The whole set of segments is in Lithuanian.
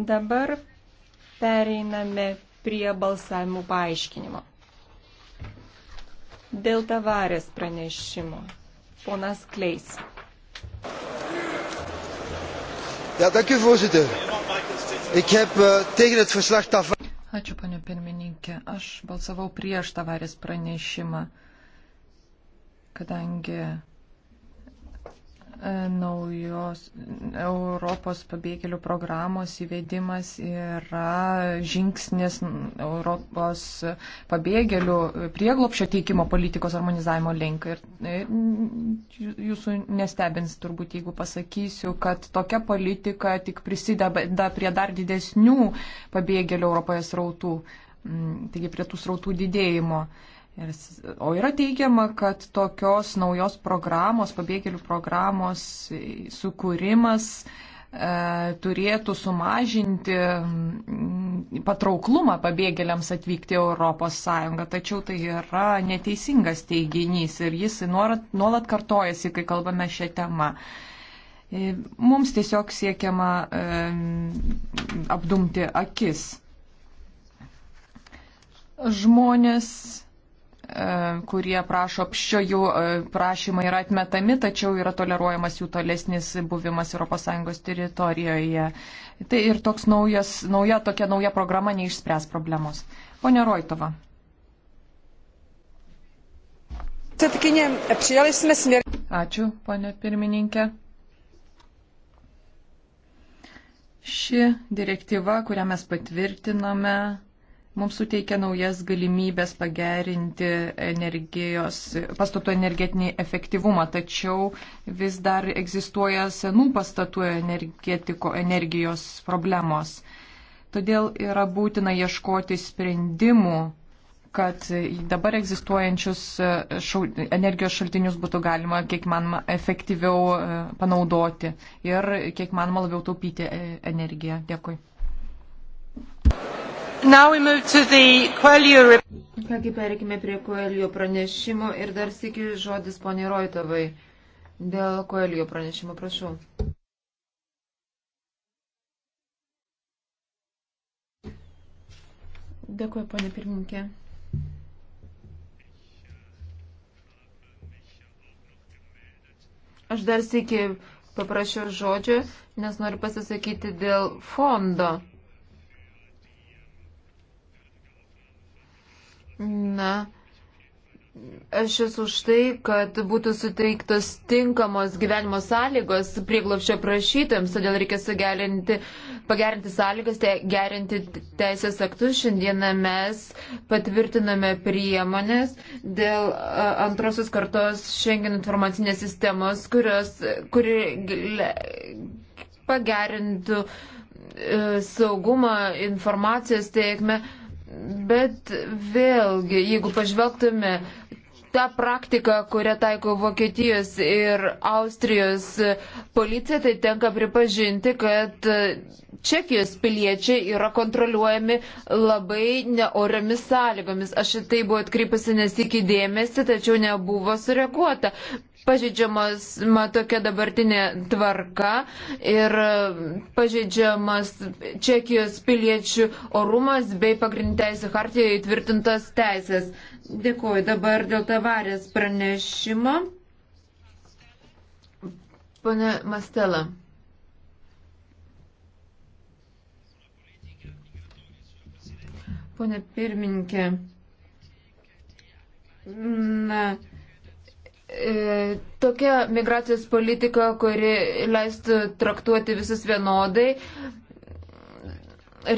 Dabar pereiname prie balsavimų paaiškinimo. Dėl tavarės pranešimo. Ponas Kleis. Ja, dank u voorzitter. Ik heb uh, tegen het verslag Tavares. Ačiū, panė pirmininkė. Aš balsavau prieš tavarės pranešimą, kadangi E, naujos Europos pabėgėlių programos įvedimas yra žingsnis Europos pabėgėlių prieglopšio teikimo politikos harmonizavimo link. Ir e, jūsų nestebins turbūt, jeigu pasakysiu, kad tokia politika tik prisideda prie dar didesnių pabėgėlių Europoje srautų, taigi prie tų srautų didėjimo. Ir, o yra teigiama, kad tokios naujos programos, pabėgėlių programos e, sukūrimas e, turėtų sumažinti mm, patrauklumą pabėgėliams atvykti į ES. Tačiau tai yra neteisingas teiginys ir jis nuolat, nuolat kartojasi, kai kalbame šią temą. E, mums tiesiog siekiama e, apdumti akis. Žmonės E, kurie prašo apščio, jų e, prašymai yra atmetami, tačiau yra toleruojamas jų tolesnis buvimas ES teritorijoje. Tai ir toks naujas, nauja, tokia nauja programa neišspręs problemos. Pone Roitova. Ačiū, ponė pirmininkė. Ši direktyva, kurią mes patvirtiname, mums suteikia naujas galimybės pagerinti energijos, pastatų energetinį efektyvumą, tačiau vis dar egzistuoja senų pastatų energetiko energijos problemos. Todėl yra būtina ieškoti sprendimų, kad dabar egzistuojančius šau, energijos šaltinius būtų galima kiek manoma efektyviau e, panaudoti ir kiek manoma labiau taupyti e, energiją. Dėkui. Kągi perikime prie Koelio pranešimo ir dar sėki žodis poniai Roitovai. Dėl Koelio pranešimo, prašau. Dėkuoju, ponė pirmininkė. Aš dar sėki paprašiau žodžio, nes noriu pasisakyti dėl fondo. Na, Aš esu už tai, kad būtų suteiktos tinkamos gyvenimo sąlygos prieglopščio prašytams, todėl reikia sugerinti, pagerinti sąlygas, te, gerinti teisės aktus. Šiandieną mes patvirtiname priemonės dėl antrosios kartos Schengen informacinės sistemos, kurios, kuri pagerintų e, saugumą, informacijos teikme. Tai Bet vėlgi, jeigu pažvelgtume tą praktiką, kurią taiko Vokietijos ir Austrijos policija, tai tenka pripažinti, kad Čekijos piliečiai yra kontroliuojami labai neoriomis sąlygomis. Aš tai buvo atkreipusi nesikį dėmesį, tačiau nebuvo sureaguota pažeidžiamas ma, tokia dabartinė tvarka ir pažeidžiamas Čekijos piliečių orumas bei pagrindinė teisė hartijoje įtvirtintas teisės. Dėkuoju dabar dėl tavarės pranešimo. Pane Mastela. Pone pirmininkė. Na. E, tokia migracijos politika, kuri leistų traktuoti visus vienodai,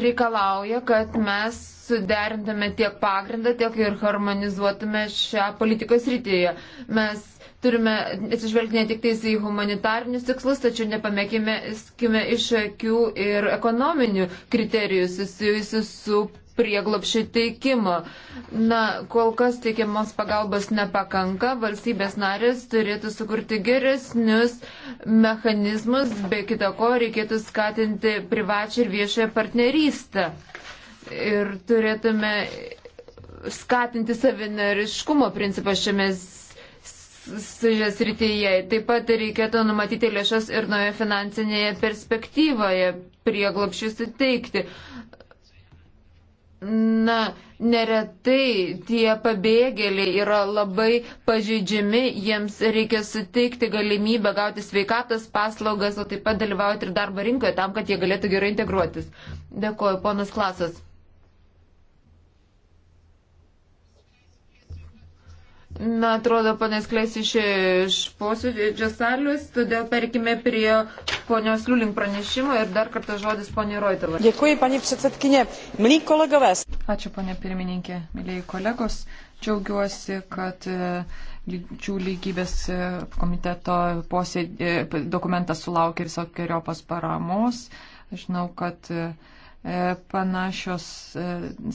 reikalauja, kad mes suderintume tiek pagrindą, tiek ir harmonizuotume šią politikos rytyje. Mes Turime atsižvelgti ne tik tais į humanitarinius tikslus, tačiau nepamėkime skime iš akių ir ekonominių kriterijų susijusių su prieglopšio teikimo. Na, kol kas teikiamos pagalbos nepakanka, valstybės narės turėtų sukurti geresnius mechanizmus, be kita ko reikėtų skatinti privačią ir viešąją partnerystę. Ir turėtume skatinti savinariškumo principą šiame srityje. Taip pat reikėtų numatyti lėšas ir naujo finansinėje perspektyvoje prieglopšių suteikti. Na, neretai tie pabėgėliai yra labai pažeidžiami, jiems reikia suteikti galimybę gauti sveikatos paslaugas, o taip pat dalyvauti ir darbo rinkoje tam, kad jie galėtų gerai integruotis. Dėkuoju, ponas Klasas. Na, atrodo, panas Klės išėjo iš posėdžio salės, todėl perkime prie ponios Liulink pranešimo ir dar kartą žodis poniai Roitavai. Dėkui, paniai Psitsatkinė. Mylį kolegovės. Ačiū, ponė pirmininkė, mylėjai kolegos. Džiaugiuosi, kad e, lyčių lygybės e, komiteto posėdė, e, dokumentas sulaukė visokiojopas paramos. Žinau, kad uh, E, panašios e,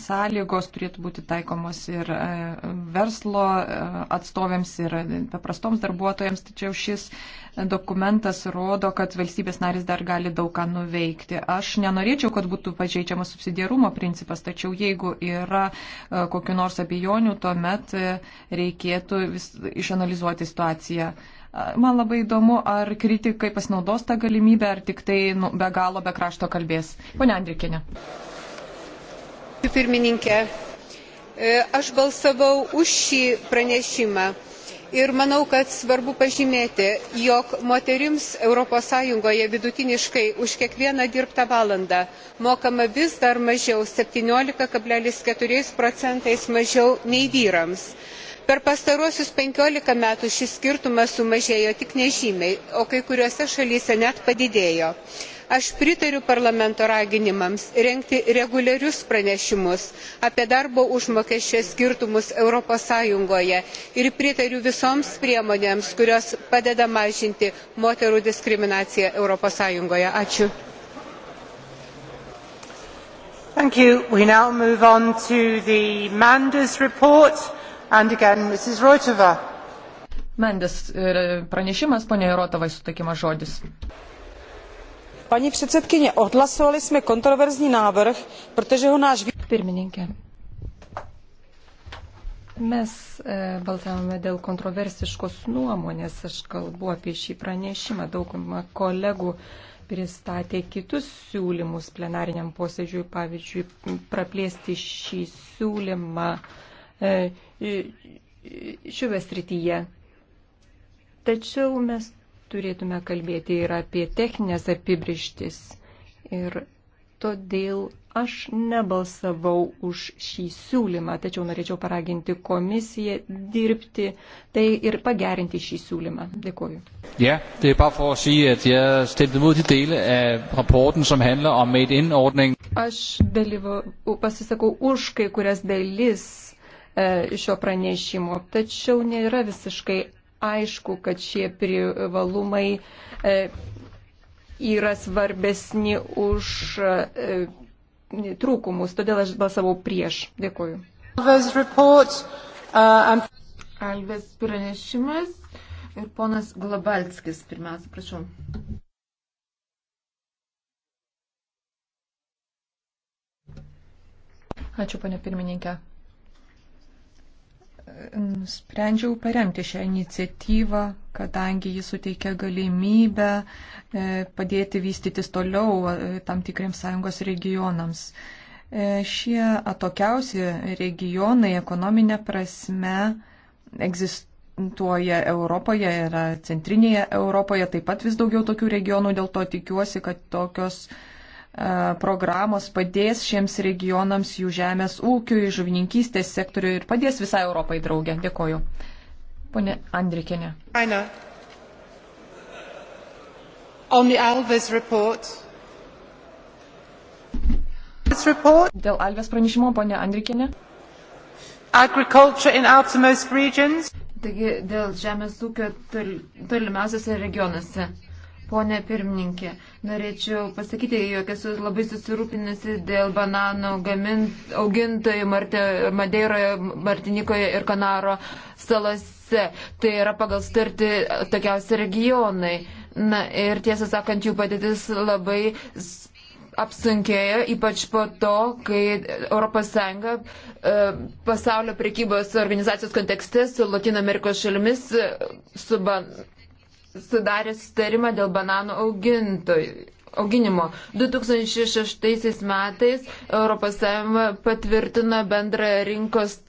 sąlygos turėtų būti taikomos ir e, verslo atstovėms ir paprastoms darbuotojams, tačiau šis dokumentas rodo, kad valstybės narys dar gali daug ką nuveikti. Aš nenorėčiau, kad būtų pažeidžiamas subsidiarumo principas, tačiau jeigu yra kokiu nors abejonių, tuomet reikėtų vis, išanalizuoti situaciją. Man labai įdomu, ar kritikai pasinaudos tą galimybę, ar tik tai nu, be galo, be krašto kalbės. Pone Andrikinė. Pirmininkė, e, aš balsavau už šį pranešimą ir manau kad svarbu pažymėti jog moterims europos sąjungoje vidutiniškai už kiekvieną dirbtą valandą mokama vis dar mažiau septyniolika keturi procentais mažiau nei vyrams per pastaruosius penkiolika metų šis skirtumas sumažėjo tik nežymiai o kai kuriose šalyse net padidėjo. aš pritariu parlamento raginimams rengti reguliarius pranešimus apie darbo užmokesčio skirtumus europos sąjungoje ir pritariu visoms priemonėms kurios padeda mažinti moterų diskriminaciją europos sąjungoje. ačiū. Mendes pranešimas, ponė Rotovai, sutikimas žodis paní předsedkyně odhlasovali jsme kontroverzní návrh protože ho náš Pirmininkė. Mes e, balsavome dėl kontroversiškos nuomonės, aš kalbu apie šį pranešimą, daugumą kolegų pristatė kitus siūlymus plenariniam posėdžiui, pavyzdžiui, praplėsti šį siūlymą e, E, šioje srityje. Tačiau mes turėtume kalbėti ir apie techninės apibrištis. Ir todėl aš nebalsavau už šį siūlymą, tačiau norėčiau paraginti komisiją dirbti tai ir pagerinti šį siūlymą. Dėkuoju. Ja, det er bare for at sige, at jeg stemte mod de dele af rapporten, som handler om made-in-ordning. Aš dalyvau, pasisakau už kai kurias dalis E, šio pranešimo, tačiau nėra visiškai aišku, kad šie privalumai e, yra svarbesni už e, trūkumus, todėl aš balsavau prieš. Dėkuoju. Alvės uh, pranešimas ir ponas Globalskis pirmiausia, prašau. Ačiū, ponė pirmininkė. Nusprendžiau paremti šią iniciatyvą, kadangi ji suteikia galimybę e, padėti vystytis toliau e, tam tikriems sąjungos regionams. E, šie atokiausi regionai ekonominė prasme egzistuoja Europoje, yra centrinėje Europoje, taip pat vis daugiau tokių regionų, dėl to tikiuosi, kad tokios uh, programos padės šiems regionams, jų žemės ūkiui, žuvininkystės sektoriui ir padės visai Europai draugė. Dėkoju. Pone Andrikinė. Aina. On the Alves report. This report. Dėl Alves pranešimo, ponė Andrikinė. Agriculture in outermost regions. Taigi dėl žemės ūkio tol, tolimiausiose regionuose. Pone pirmininkė, norėčiau pasakyti, jog esu labai susirūpinusi dėl bananų gamint, augintojų Marte, Madeiroje, Martinikoje ir Kanaro salose. Tai yra pagal starti tokiausi regionai. Na ir tiesą sakant, jų padėtis labai apsunkėjo, ypač po to, kai ES e, pasaulio prekybos organizacijos kontekste su Latino Amerikos šalimis e, su ban sudarė sutarimą dėl bananų augintojų auginimo. 2006 metais ES patvirtino bendrą rinkos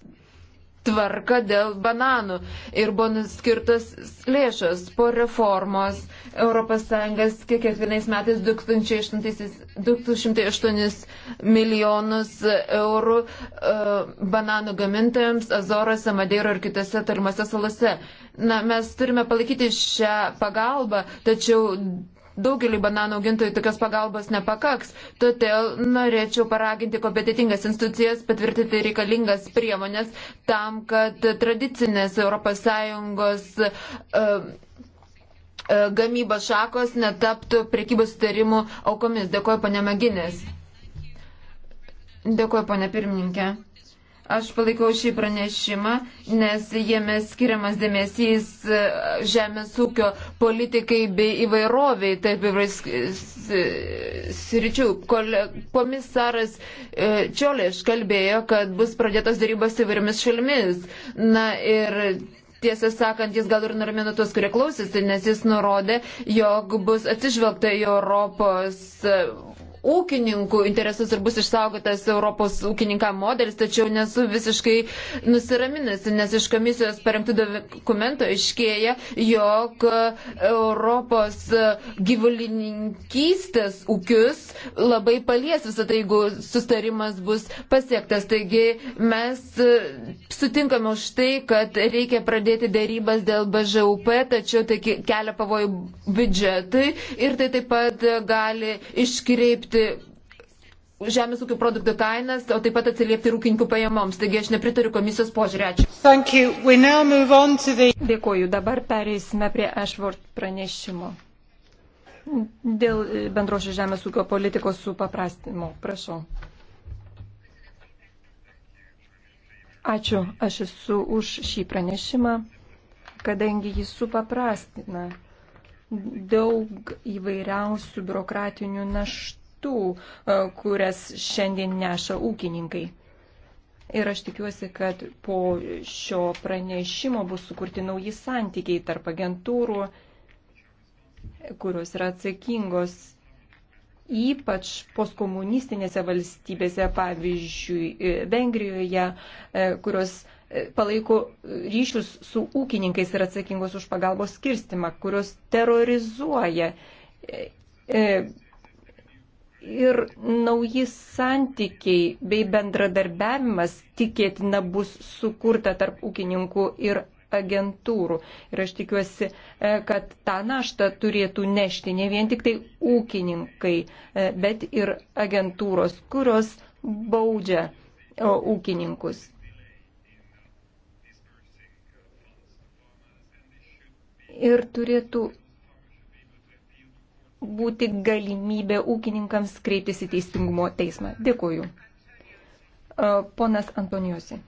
tvarką dėl bananų ir buvo nuskirtas lėšos po reformos. ES kiekvienais metais 208 milijonus eurų uh, bananų gamintojams Azorose, Madeiro ir kitose tolimose salose. Na, mes turime palaikyti šią pagalbą, tačiau daugeliu bananų augintojų tokios pagalbos nepakaks. Todėl norėčiau paraginti kompetitingas institucijas patvirtinti reikalingas priemonės tam, kad tradicinės ES uh, e, e, gamybos šakos netaptų priekybos sutarimų aukomis. Dėkuoju, ponė Maginės. Dėkuoju, ponė pirmininkė. Aš palaikau šį pranešimą, nes jame skiriamas dėmesys e, žemės ūkio politikai bei įvairoviai, taip sričių. Komisaras e, Čiolėš kalbėjo, kad bus pradėtos darybos įvairiomis šalimis. Na ir Tiesą sakant, jis gal ir nuramino tuos, kurie klausėsi, nes jis nurodė, jog bus atsižvelgta į Europos e, ūkininkų interesus ir bus išsaugotas Europos ūkininką modelis, tačiau nesu visiškai nusiraminusi, nes iš komisijos parengtų dokumento iškėja, jog Europos gyvulininkystės ūkius labai palies visą tai, jeigu sustarimas bus pasiektas. Taigi mes sutinkame už tai, kad reikia pradėti dėrybas dėl BŽUP, tačiau tai kelia pavojų biudžetui ir tai taip pat gali iškreipti dirbti žemės ūkio produktų kainas, o taip pat atsiliepti rūkininkų pajamoms. Taigi aš nepritariu komisijos požiūrį. Ačiū. The... Dėkuoju. Dabar pereisime prie Ashford pranešimo. Dėl e, bendrošio žemės ūkio politikos supaprastimo. Prašau. Ačiū. Aš esu už šį pranešimą, kadangi jis supaprastina daug įvairiausių biurokratinių naštų naštų, e, kurias šiandien neša ūkininkai. Ir aš tikiuosi, kad po šio pranešimo bus sukurti nauji santykiai tarp agentūrų, kurios yra atsakingos ypač postkomunistinėse valstybėse, pavyzdžiui, e, Vengrijoje, e, kurios palaiko ryšius su ūkininkais ir atsakingos už pagalbos skirstimą, kurios terrorizuoja ir nauji santykiai bei bendradarbiavimas tikėtina bus sukurta tarp ūkininkų ir agentūrų. Ir aš tikiuosi, e, kad tą naštą turėtų nešti ne vien tik tai ūkininkai, e, bet ir agentūros, kurios baudžia ūkininkus. Ir turėtų būti galimybė ūkininkams kreiptis į teisingumo teismą. Dėkuoju. Ponas Antonijosi.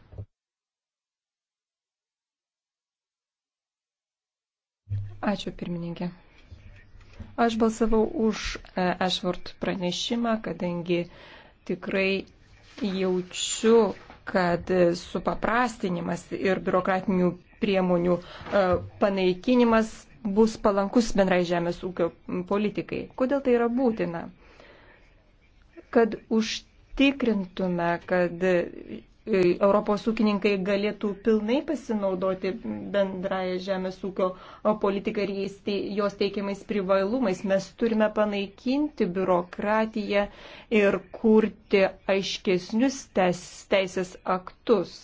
Ačiū pirmininkė. Aš balsavau už e, Ashford pranešimą, kadangi tikrai jaučiu, kad supaprastinimas ir biurokratinių priemonių e, panaikinimas bus palankus bendrai žemės ūkio politikai. Kodėl tai yra būtina? Kad užtikrintume, kad e, Europos ūkininkai galėtų pilnai pasinaudoti bendrąją žemės ūkio politiką ir jais, jos teikiamais privalumais. Mes turime panaikinti biurokratiją ir kurti aiškesnius teisės aktus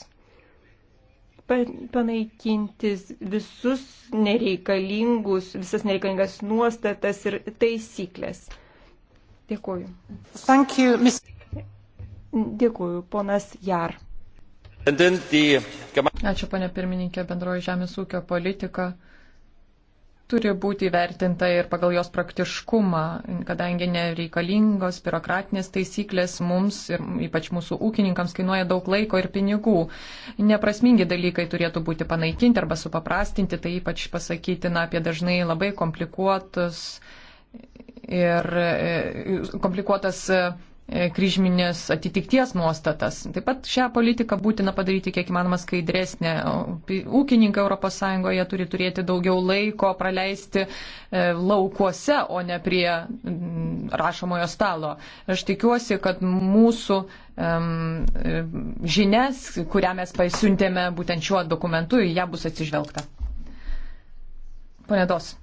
panaikinti visus nereikalingus, visas nereikalingas nuostatas ir taisyklės. Dėkuoju. Thank you, Ms. Dėkuoju, ponas Jar. Ačiū, ponė pirmininkė, bendroji žemės ūkio politika turi būti vertinta ir pagal jos praktiškumą, kadangi nereikalingos biurokratinės taisyklės mums ir ypač mūsų ūkininkams kainuoja daug laiko ir pinigų. Neprasmingi dalykai turėtų būti panaikinti arba supaprastinti, tai ypač pasakytina apie dažnai labai komplikuotus ir e, komplikuotas e, E, kryžminės atitikties nuostatas. Taip pat šią politiką būtina padaryti kiek įmanoma skaidresnė. Ūkininkai ES turi turėti daugiau laiko praleisti e, laukuose, o ne prie rašomojo stalo. Aš tikiuosi, kad mūsų e, žinias, kurią mes pasiuntėme būtent šiuo dokumentu, į ją bus atsižvelgta. Pane Dos.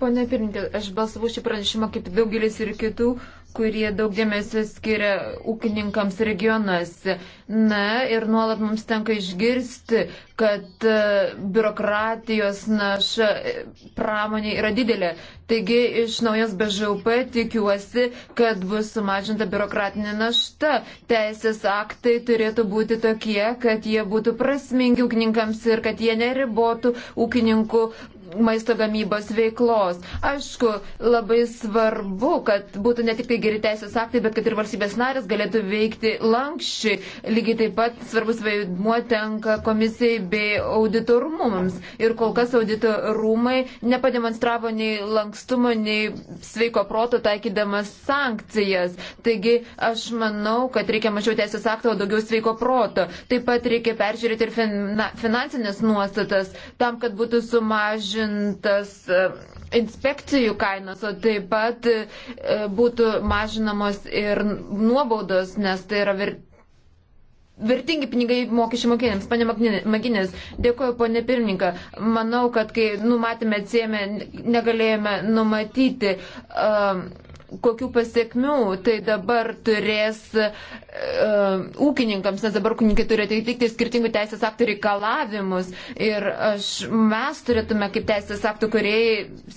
Pone Pirinkė, aš balsavau šį pranešimą kaip daugelis ir kitų, kurie daug dėmesio skiria ūkininkams regionuose. Na ir nuolat mums tenka išgirsti, kad e, biurokratijos naša e, pramonė yra didelė. Taigi iš naujos BŽUP tikiuosi, kad bus sumažinta biurokratinė našta. Teisės aktai turėtų būti tokie, kad jie būtų prasmingi ūkininkams ir kad jie neribotų ūkininkų maisto gamybos veiklos. Aišku, labai svarbu, kad būtų ne tik tai geri teisės aktai, bet kad ir valstybės narės galėtų veikti lankščiai. Lygiai taip pat svarbus vaidmuo tenka komisijai bei auditorumams. Ir kol kas auditorumai nepademonstravo nei lankstumo, nei sveiko proto taikydamas sankcijas. Taigi aš manau, kad reikia mažiau teisės akto, o daugiau sveiko proto. Taip pat reikia peržiūrėti ir fina, finansinės nuostatas tam, kad būtų sumažinti sumažintas e, inspekcijų kainos, o taip pat e, būtų mažinamos ir nuobaudos, nes tai yra vertybė vertingi pinigai mokesčių mokėjams. Pane Maginės, dėkoju, ponė pirmininką. Manau, kad kai numatėme atsiemę, negalėjome numatyti. Uh, um, kokių pasiekmių tai dabar turės uh, ūkininkams, nes dabar ūkininkai turi atitikti skirtingų teisės aktų reikalavimus ir aš, mes turėtume kaip teisės aktų, kurie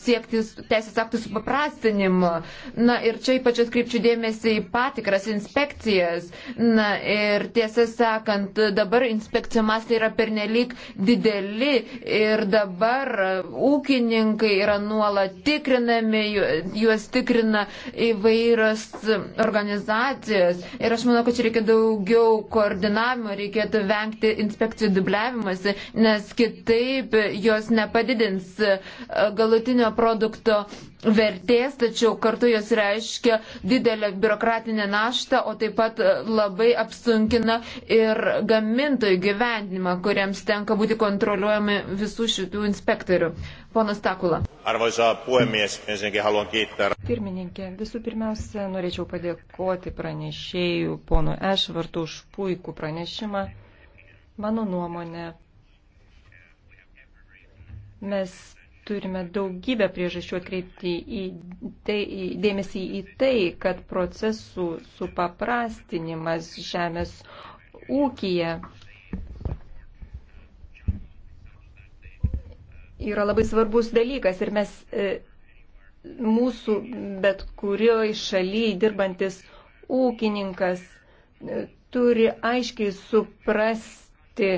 siekti teisės aktų supaprastinimo. Na ir čia ypač atkreipčiau dėmesį į patikras inspekcijas. Na ir tiesą sakant, dabar inspekcijų mastai yra pernelyg dideli ir dabar ūkininkai yra nuolat tikrinami, juos tikrina įvairios organizacijos. Ir aš manau, kad čia reikia daugiau koordinavimo, reikėtų vengti inspekcijų dubliavimuose, nes kitaip jos nepadidins e, galutinio produkto vertės, tačiau kartu jos reiškia didelę biurokratinę naštą, o taip pat e, labai apsunkina ir gamintojų gyvenimą, kuriems tenka būti kontroliuojami visų šitų inspektorių. Ponas Takula. Arvoisa puhemies, ensinnäkin haluan kiittää Pirmininkė, visų pirmiausia, norėčiau padėkoti pranešėjų ponu Ešvartu už puikų pranešimą. Mano nuomonė, mes turime daugybę priežasčių atkreipti į tai, į, dėmesį į tai, kad procesų supaprastinimas žemės ūkija yra labai svarbus dalykas ir mes e, mūsų bet kurioje šalyje dirbantis ūkininkas e, turi aiškiai suprasti,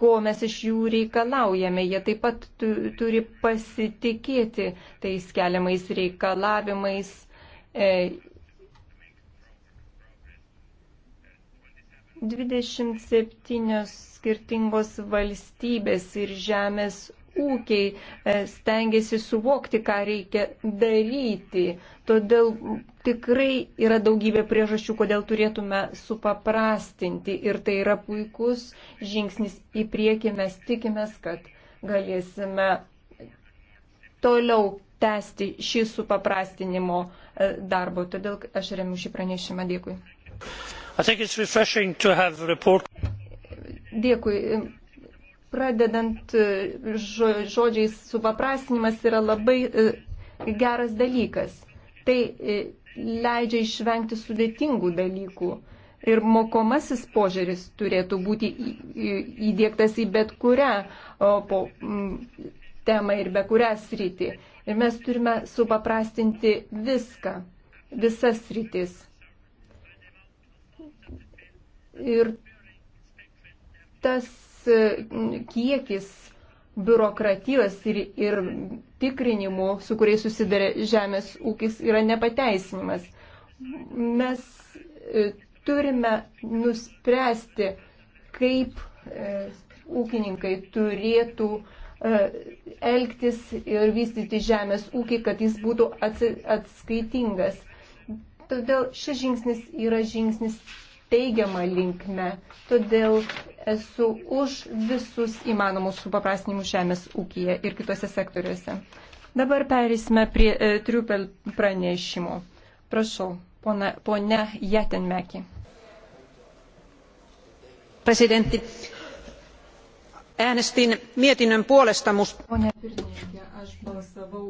ko mes iš jų reikalaujame. Jie taip pat tu, turi pasitikėti tais keliamais reikalavimais. E, 27 skirtingos valstybės ir žemės ūkiai e, stengiasi suvokti, ką reikia daryti. Todėl tikrai yra daugybė priežasčių, kodėl turėtume supaprastinti. Ir tai yra puikus žingsnis į priekį. Mes tikimės, kad galėsime toliau tęsti šį supaprastinimo e, darbą. Todėl aš remiu šį pranešimą. Dėkui. Dėkui pradedant e, žodžiais supaprastinimas yra labai e, geras dalykas. Tai e, leidžia išvengti sudėtingų dalykų. Ir mokomasis požiūris turėtų būti įdėktas į bet kurią po, temą ir be kurią sritį. Ir mes turime supaprastinti viską, visas sritis. Ir tas kiekis biurokratijos ir, ir tikrinimų, su kuriais susidarė žemės ūkis, yra nepateisinimas. Mes e, turime nuspręsti, kaip e, ūkininkai turėtų e, elgtis ir vystyti žemės ūkį, kad jis būtų atskaitingas. Todėl šis žingsnis yra žingsnis teigiama linkme. Todėl esu už visus įmanomus supaprastinimus žemės ūkyje ir kitose sektoriuose. Dabar perėsime prie e, triupel pranešimo. Prašau, pona, ponia Jatenmeki. Presidentti, äänestin mietinnön puolesta, mutta... Ponia pirmininkė, aš balsavau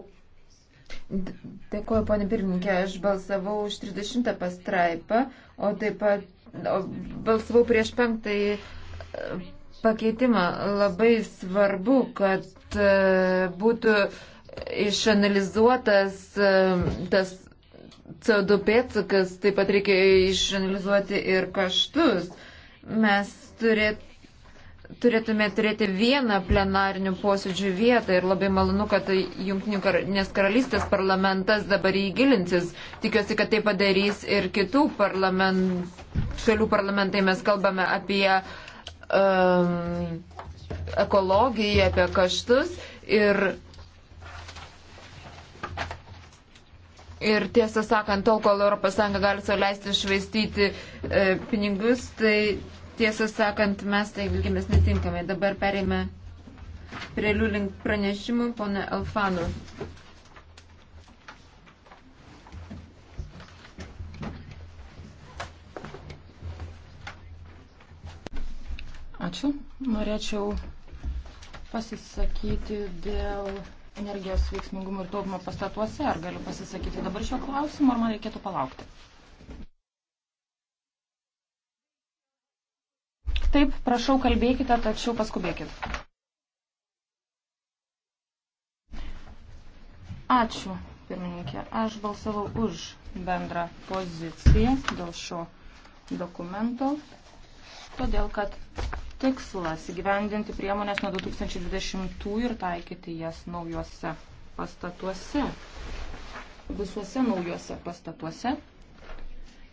Dėkuoju, ponė pirmininkė, aš balsavau už 30 pastraipą, o taip pat o, balsavau prieš penktąjį pakeitimą. Labai svarbu, kad e, būtų išanalizuotas e, tas CO2 pėtsakas, taip pat reikia išanalizuoti ir kaštus. Mes turėt, turėtume turėti vieną plenarinių posėdžių vietą ir labai malonu, kad Junktinių kar karalystės parlamentas dabar įgilinsis. Tikiuosi, kad tai padarys ir kitų parlament, šalių parlamentai. Mes kalbame apie uh, um, ekologiją, apie kaštus ir Ir tiesą sakant, tol, kol ES gali sauliaisti švaistyti e, pinigus, tai tiesą sakant, mes tai elgiamės netinkamai. Dabar perėmė prie liūlink pranešimų, pone Alfanų. Ačiū. Norėčiau pasisakyti dėl energijos veiksmingumo ir taupimo pastatuose. Ar galiu pasisakyti dabar šio klausimo, ar man reikėtų palaukti? Taip, prašau, kalbėkite, tačiau paskubėkit. Ačiū, pirmininkė. Aš balsavau už bendrą poziciją dėl šio dokumento, todėl kad tikslas įgyvendinti priemonės nuo 2020 ir taikyti jas naujuose pastatuose, visuose naujuose pastatuose.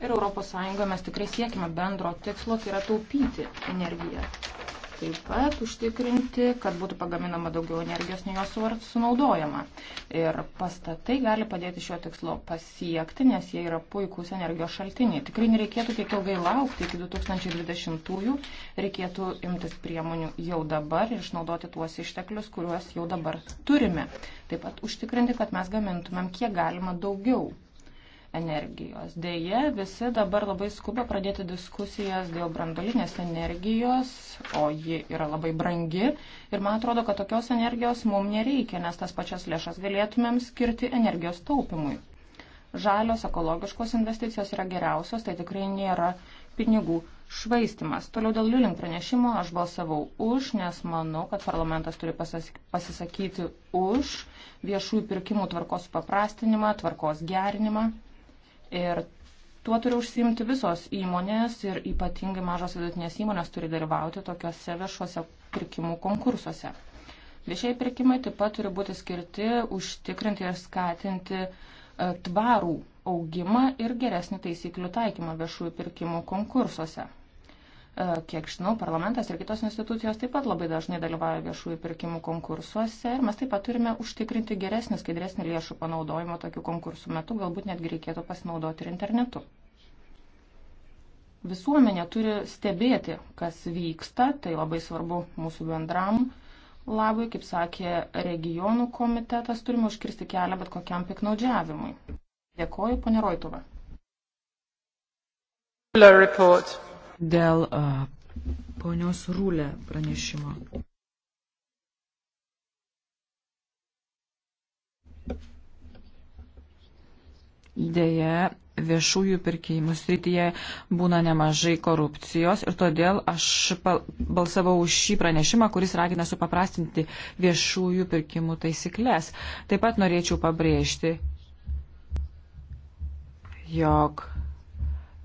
Ir ES mes tikrai siekime bendro tikslo, tai yra taupyti energiją. Taip pat užtikrinti, kad būtų pagaminama daugiau energijos, nei jos sunaudojama. Ir pastatai gali padėti šio tikslo pasiekti, nes jie yra puikūs energijos šaltiniai. Tikrai nereikėtų tiek ilgai laukti iki 2020-ųjų, reikėtų imtis priemonių jau dabar ir išnaudoti tuos išteklius, kuriuos jau dabar turime. Taip pat užtikrinti, kad mes gamintumėm kiek galima daugiau energijos. Deja, visi dabar labai skuba pradėti diskusijas dėl brandolinės energijos, o ji yra labai brangi. Ir man atrodo, kad tokios energijos mums nereikia, nes tas pačias lėšas galėtumėm skirti energijos taupimui. Žalios ekologiškos investicijos yra geriausios, tai tikrai nėra pinigų švaistimas. Toliau dėl Liulink pranešimo aš balsavau už, nes manau, kad parlamentas turi pasisakyti už viešųjų pirkimų tvarkos supaprastinimą, tvarkos gerinimą Ir tuo turi užsiimti visos įmonės ir ypatingai mažos vidutinės įmonės turi dalyvauti tokiuose viešuose pirkimų konkursuose. Viešieji pirkimai taip pat turi būti skirti užtikrinti ir skatinti e, tvarų augimą ir geresnį taisyklių taikymą viešųjų pirkimų konkursuose. E, kiek žinau, parlamentas ir kitos institucijos taip pat labai dažnai dalyvauja viešųjų pirkimų konkursuose ir mes taip pat turime užtikrinti geresnį, skaidresnį lėšų panaudojimą tokių konkursų metu, galbūt netgi reikėtų pasinaudoti ir internetu. Visuomenė turi stebėti, kas vyksta, tai labai svarbu mūsų bendram labui, kaip sakė regionų komitetas, turime užkirsti kelią bet kokiam piknaudžiavimui. Dėkoju, ponė Roitova. Report dėl uh, ponios Rūlė pranešimo. Deja, viešųjų pirkimų srityje būna nemažai korupcijos ir todėl aš balsavau už šį pranešimą, kuris ragina supaprastinti viešųjų pirkimų taisyklės. Taip pat norėčiau pabrėžti, jog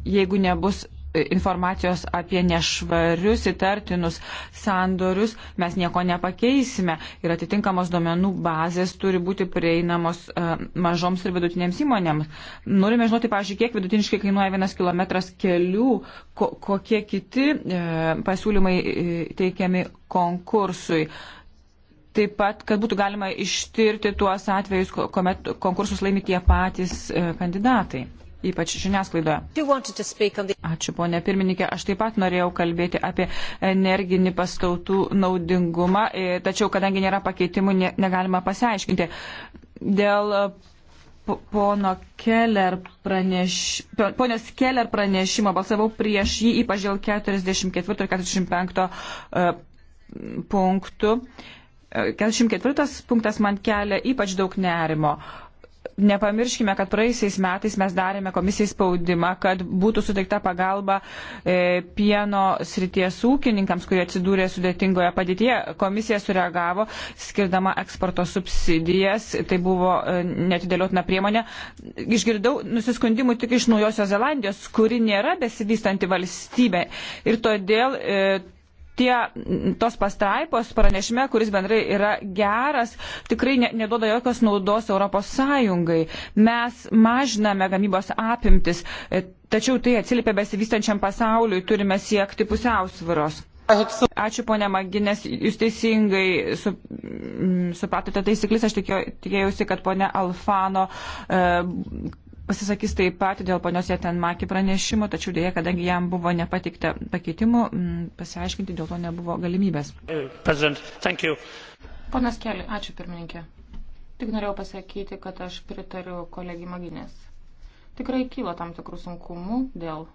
jeigu nebus informacijos apie nešvarius įtartinus sandorius, mes nieko nepakeisime ir atitinkamos duomenų bazės turi būti prieinamos e, mažoms ir vidutinėms įmonėms. Norime žinoti, pažiūrėk, kiek vidutiniškai kainuoja vienas kilometras kelių, ko, kokie kiti e, pasiūlymai e, teikiami konkursui. Taip pat, kad būtų galima ištirti tuos atvejus, kuomet konkursus laimi tie patys kandidatai ypač žiniasklaidoje. Ačiū, ponė pirmininkė. Aš taip pat norėjau kalbėti apie energinį pastautų naudingumą, e, tačiau kadangi nėra pakeitimų, ne, negalima pasiaiškinti. Dėl e, pono Keller, praneš, ponios Keller pranešimo balsavau prieš jį, ypač dėl 44 ir 45 e, punktų. 44 punktas man kelia ypač daug nerimo. Uh, nepamirškime, kad praeisiais metais mes darėme komisijai spaudimą, kad būtų suteikta pagalba e, pieno srities ūkininkams, kurie atsidūrė sudėtingoje padėtyje. Komisija sureagavo, skirdama eksporto subsidijas, tai buvo e, netidėliotina priemonė. Išgirdau nusiskundimų tik iš Naujosios Zelandijos, kuri nėra besivystanti valstybė. Ir todėl e, tie, tos pastraipos pranešime, kuris bendrai yra geras, tikrai ne, neduoda jokios naudos Europos Sąjungai. Mes mažiname gamybos apimtis, e, tačiau tai atsiliepia besivystančiam pasauliui, turime siekti pusiausvaros. Ačiū ponia Maginės, jūs teisingai su, m, mm, supratote taisyklis, aš tikėjausi, kad ponia Alfano e, pasisakys taip pat dėl ponios Jetenmaki pranešimo, tačiau dėja, kadangi jam buvo nepatikta pakeitimų, pasiaiškinti dėl to nebuvo galimybės. Ponas Keli, ačiū pirmininkė. Tik norėjau pasakyti, kad aš pritariu kolegi Maginės. Tikrai kyla tam tikrų sunkumų dėl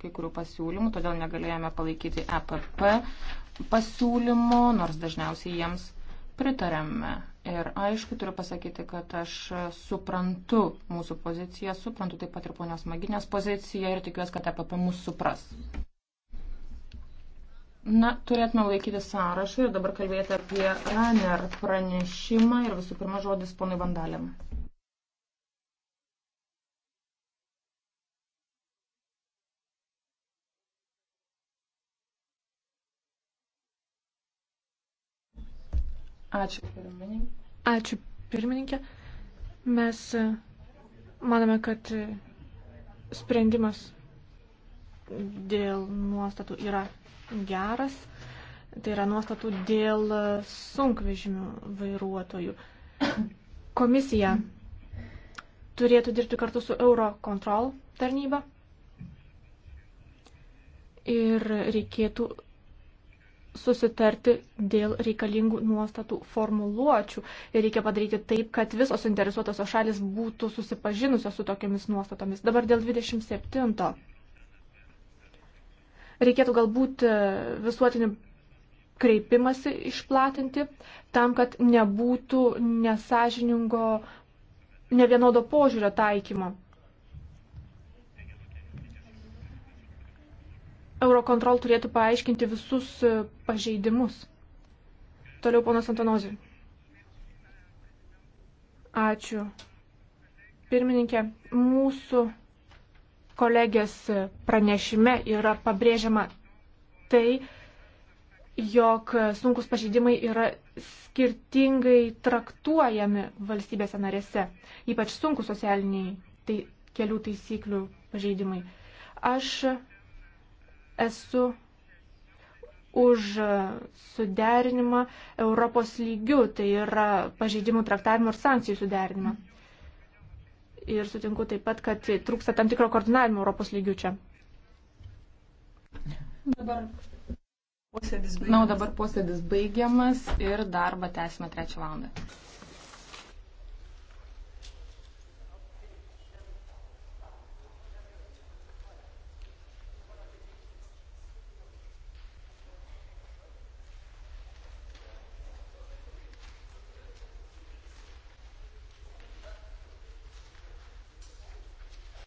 kai kurių pasiūlymų, todėl negalėjome palaikyti EPP pasiūlymų, nors dažniausiai jiems pritarėme. Ir aišku, turiu pasakyti, kad aš suprantu mūsų poziciją, suprantu taip pat ir ponios Maginės poziciją ir tikiuosi, kad EPP mus supras. Na, turėtume laikyti sąrašą ir dabar kalbėti apie Raner pranešimą ir visų pirma žodis ponui Vandalėm. Ačiū pirmininkė. Ačiū pirmininkė. Mes e, manome, kad e, sprendimas dėl nuostatų yra geras. Tai yra nuostatų dėl e, sunkvežimių vairuotojų. Komisija turėtų dirbti kartu su Eurocontrol tarnyba ir reikėtų susitarti dėl reikalingų nuostatų formuluočių. Ir reikia padaryti taip, kad visos interesuotosios šalis būtų susipažinusios su tokiamis nuostatomis. Dabar dėl 27. Reikėtų galbūt e, visuotinių kreipimasi išplatinti, tam, kad nebūtų nesažiningo, nevienodo požiūrio taikymo. Eurocontrol turėtų paaiškinti visus e, pažeidimus. Toliau ponas Antanozijui. Ačiū. Pirmininkė, mūsų kolegės pranešime yra pabrėžiama tai, jog sunkus pažeidimai yra skirtingai traktuojami valstybėse narėse, ypač sunkus socialiniai tai kelių taisyklių pažeidimai. Aš esu už suderinimą Europos lygių, tai yra pažeidimų traktavimo ir sankcijų suderinimą. Ir sutinku taip pat, kad trūksta tam tikro koordinavimo Europos lygių čia. Dabar posėdis baigiamas. Na, dabar posėdis baigiamas ir darbą tęsime trečią valandą.